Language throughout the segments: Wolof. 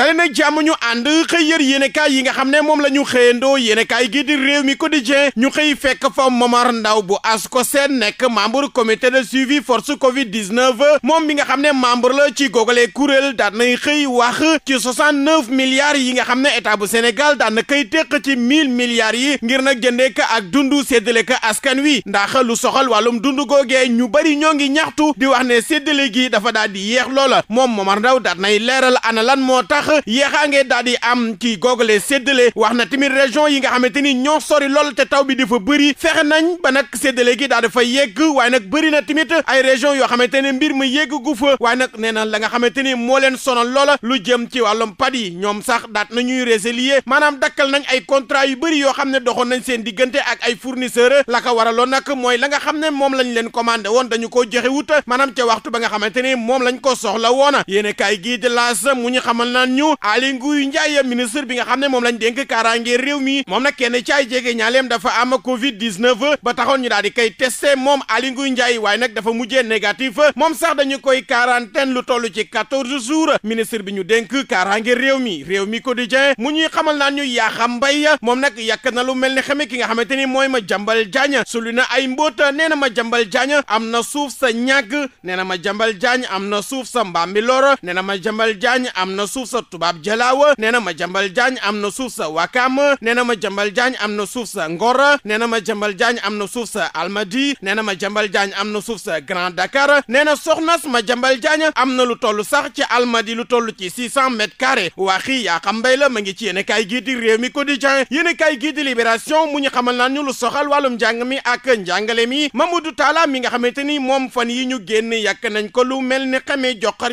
dale nag jàmm ñu ànd xëy yër yéenekaay yi nga xam ne moom la ñu xëyandoo yéenekaay gi di réew mi quotidien ñu xëy fekk fa Momar Ndaw bu ASCOSEN nekk membre comité de suivi force covid 19 moom bi nga xam ne membre la ci googalee kuréel daan nay xëy wax ci 69 milliards yi nga xam ne état bu Sénégal daan na koy teq ci 1000 milliards yi ngir nag jëndee ak dundu séddale ko askan wi ndax lu soxal wàllum dundu gee ñu bari ñoo ngi ñaxtu di wax ne séddale gi dafa daal di yéex loola moom Momar Ndaw daan nay leeral ana lan moo tax yéex yéexaangee daal di am ci googale séddale wax na tamit région yi nga xamante ni ñoo sori lool te taw bi dafa bëri fexe nañ ba nag séddale gi daal dafa yég waaye nag bëri na tamit ay région yoo xamante ne mbir mu yegg gu fa waaye nag nee na la nga xamante ni moo leen sonal loola lu jëm ci wàllum pad yi ñoom sax daat nañuy résilier maanaam dakkal nañ ay contrat yu bëri yoo xam ne doxoon nañ seen diggante ak ay fournisseur la ko waraloon nag mooy la nga xam ne moom lañ leen commandé woon dañu ko joxe maanaam ca waxtu ba nga xamante moom lañ ko soxla woon ñu Aly Ngouille Ndiaye ministre bi nga xam ne moom lañ dénk kaaraange réew mi moom nag kenn ci ay jege ñaaleem dafa am covid 19 ba taxoon ñu daal di koy testé moom Aly Ngouille Ndiaye waaye nag dafa mujjee négatif moom sax dañu koy quarantaine lu toll ci quatorze jours ministre bi ñu dénk kaaraange réew mi réew mi quotidien mu ñuy xamal naan ñu yaaxam mbay moom nag yàkk mel ni xame ki nga xamante ni mooy ma jambal jaañ sulu na ay mbóota nee na ma jambal na suuf sa ñàgg nee na ma jambal jaañ am na suuf sa mbaambi lor nee na ma jambal jaañ am tubaab jalaawa nee ma jambal jaañ am na suuf sa wakaam nee na ma jambal jaañ am sa ngor nee na ma jambal jaañ am na suuf sa almadi nee na ma jambal jaañ am na suuf sa grand dakar nee na soxnas ma jambal jaañ am na lu toll sax ci almadi lu toll ci six cent mètres carrés waxi yaa xam mbay la ma ngi ci yéen kaay gii di réew mi quotidien yéen kaay gii di libération mu ñu xamal naan ñu lu soxal wàllum njàng mi ak ma mi Mamadou Talla mi nga xamante ni moom fan yi ñu génn yàkk nañ ko lu mel ni xamee joxar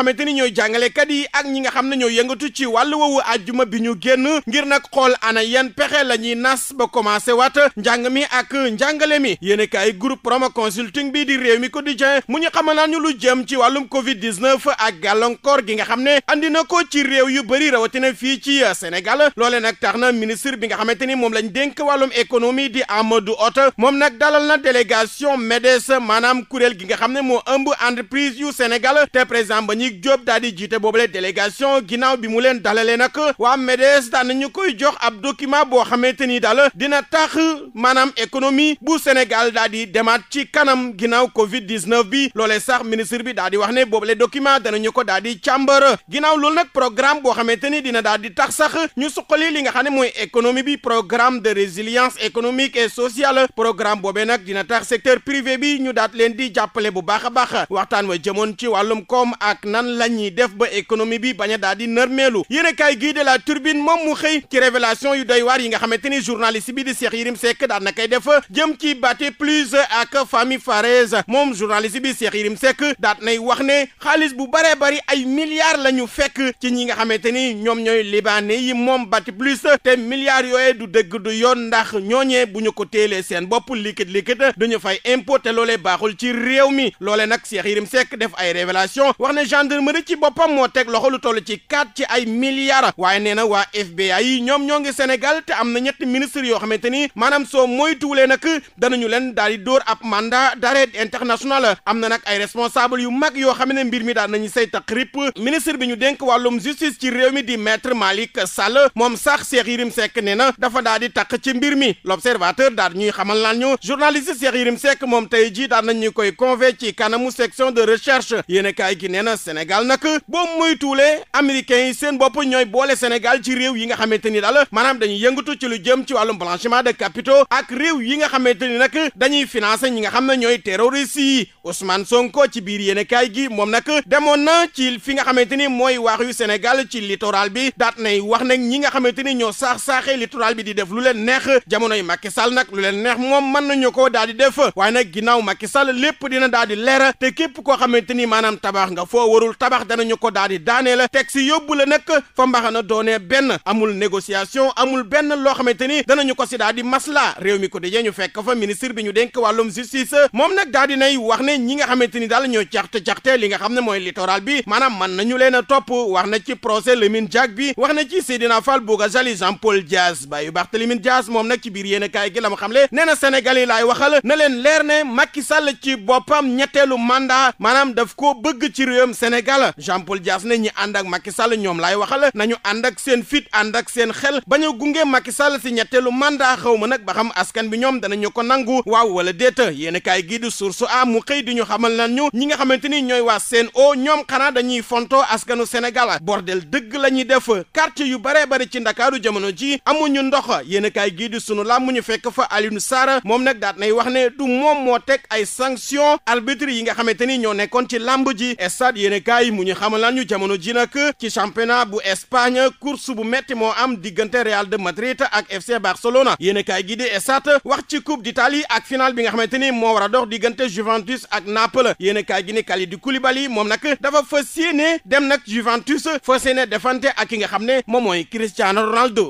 xamante ni ñooy jàngalekat yi ak ñi nga xam ne ñoo yëngatu ci wàllu woowu àjjuma bi ñu génn ngir nag xool ana yan pexe la ñuy nas ba commencé waat njàng mi ak njàngale mi yéen kaay groupe promo consulting bii di réew mi quotidien mu ñu xamal naa ñu lu jëm ci wàllum covid 19 ak gàllankoor gi nga xam ne andi na ko ci réew yu bëri rawatina fii ci Sénégal loolee nag tax na ministre bi nga xamante ni moom lañ dénk wàllum économie di Amadou Hott moom nag dalal na délégation MEDES maanaam kuréel gi nga xam ne moo ëmb entreprise yu Sénégal te Malick Diop daal di jiite boobule délégation bi mu leen dalalee nag waa MEDES daan nañu koy jox ab document boo xamante ni daal dina tax maanaam économie bu Sénégal daal di demaat ci kanam ginnaaw Covid 19 bi loolee sax ministre bi daal di wax ne boobule dana danañu ko daal di càmbar ginnaaw loolu nag programme boo xamante ni dina daal di tax sax ñu suqali li nga xam ne mooy économie bi programme de résilience économique et sociale programme boobe nag dina tax secteur bi ñu daat leen di jàppale bu baax a baax wa jëmoon nan la ñuy def ba économie bi bañ a daal di nërmeelu yéen kaay gii de la turbine moom mu xëy ci révélation yu doy waar yi nga xamante ni journaliste bi di Cheikh Yérim Seck daan na koy jëm ci Baté Plus ak Fami Farez moom journaliste bi Cheikh Yérim Seck daat nay wax ne xaalis bu baree bari ay milliards la ñu fekk ci ñi nga xamante ni ñoom ñooy libanais yi moom bati Plus te milliards yooye du dëgg du yoon ndax ñooñee bu ñu ko téelee seen bopp likit likit dañu fay impôt loole baaxul ci réew mi loole nag Cheikh Yérim Seck def ay révélation wax ne gendarmerie ci boppam moo teg loxo lu toll ci 4 ci ay milliards waaye nee na waa FBI yi ñoom ñoo ngi Sénégal te am na ñetti ministre yoo xamante ni maanaam soo moytuwulee nag ñu leen daal di dóor ab mandat d'arrêt international am na nag ay responsable yu mag yoo xam ne mbir mi daal nañu say takrib ministre bi ñu dénk wàllum justice ci réew mi di maître Malick Sall moom sax Cheikh Yérim Seck nee na dafa daal di takk ci mbir mi l'observateur daal ñuy xamal naan ñu journaliste Cheikh Yérim Seck moom tey jii daal nañ ñu koy convé ci kanamu section de recherche yéen a kaay gi nee Sénégal nag boo moytuwulee américains yi seen bopp ñooy boole Sénégal ci réew yi nga xamante ni daal maanaam dañuy yëngatu ci lu jëm ci wàllum blanchiment de capitaux ak réew yi nga xamante ni nag dañuy financer ñi nga xam ne ñooy terroristes yi Ousmane Sonko ci biir yéenekaay gi moom nag demoon na ci fi nga xamante ni mooy waax yu Sénégal ci littoral bi daat nay wax nag ñi nga xamante ni ñoo saax saaxee littoral bi di def lu leen neex jamonoy Macky Sall nag lu leen neex moom mën nañu ko daal di def waaye nag ginnaaw Macky Sall lépp dina daal di leer képp koo xamante ni maanaam tabax nga mënul tabax danañu ko daal di daanee la teg si yóbbu la nag fa mbaxana doonee benn amul négociation amul benn loo xamante ni danañu ko si daal di masla réew mi ko dajee ñu fekk fa ministre bi ñu dénk wàllum justice moom nag daal di nay wax ne ñi nga xamante ni daal ñoo caxte caxte li nga xam ne mooy littoral bi maanaam mën nañu leen a topp wax na ci procès Lamine Diack bi wax na ci Seydina Fall Bougazali Jean Paul Diaz bàyyi Barthélémy Diaz moom na ci biir yéen a kaay gi la xam xamle nee na Sénégal yi laay waxal na leen leer ne Macky Sall ci boppam ñetteelu mandat maanaam daf ko bëgg ci réewam Sénégal Sénégal Jean-Paul Dias ne ñi ànd ak ñoom laay waxal nañu ànd ak seen fit ànd ak seen xel bañ a gunge Macky Sall si ñetteelu mandat xaw ma nag ba xam askan bi ñoom danañu ko nangu waaw wala deet yéen kaay gii di source a mu xëy di ñu xamal nan ñu ñi nga xamante ni ñooy waa Sen'Eau ñoom xanaa dañuy fonto askanu Sénégal bordel dëgg la ñuy def quartier yu baree bari ci Ndakaaru jamono ji amuñu ndox yéen kaay gii di sunu làmm ñu fekk fa Alioune Sarr moom nag daat nay wax ne du moom moo teg ay sanction arbitre yi nga xamante ni ñoo nekkoon ci làmb ji kaay mu ñu xamal ñu jamono ji nag ci championnat bu Espagne course bu metti moo am diggante Real de Madrid ak FC Barcelona yéen kaay gi di Stades wax ci coupe d'Italie ak final bi nga xamante ni moo war a dox diggante Juventus ak Naples yéen kaay gi ni Kalidou Koulibaly moom nag dafa fas ne dem nag Juventus fas yéene defante ak ki nga xam ne moom mooy Cristiano Ronaldo.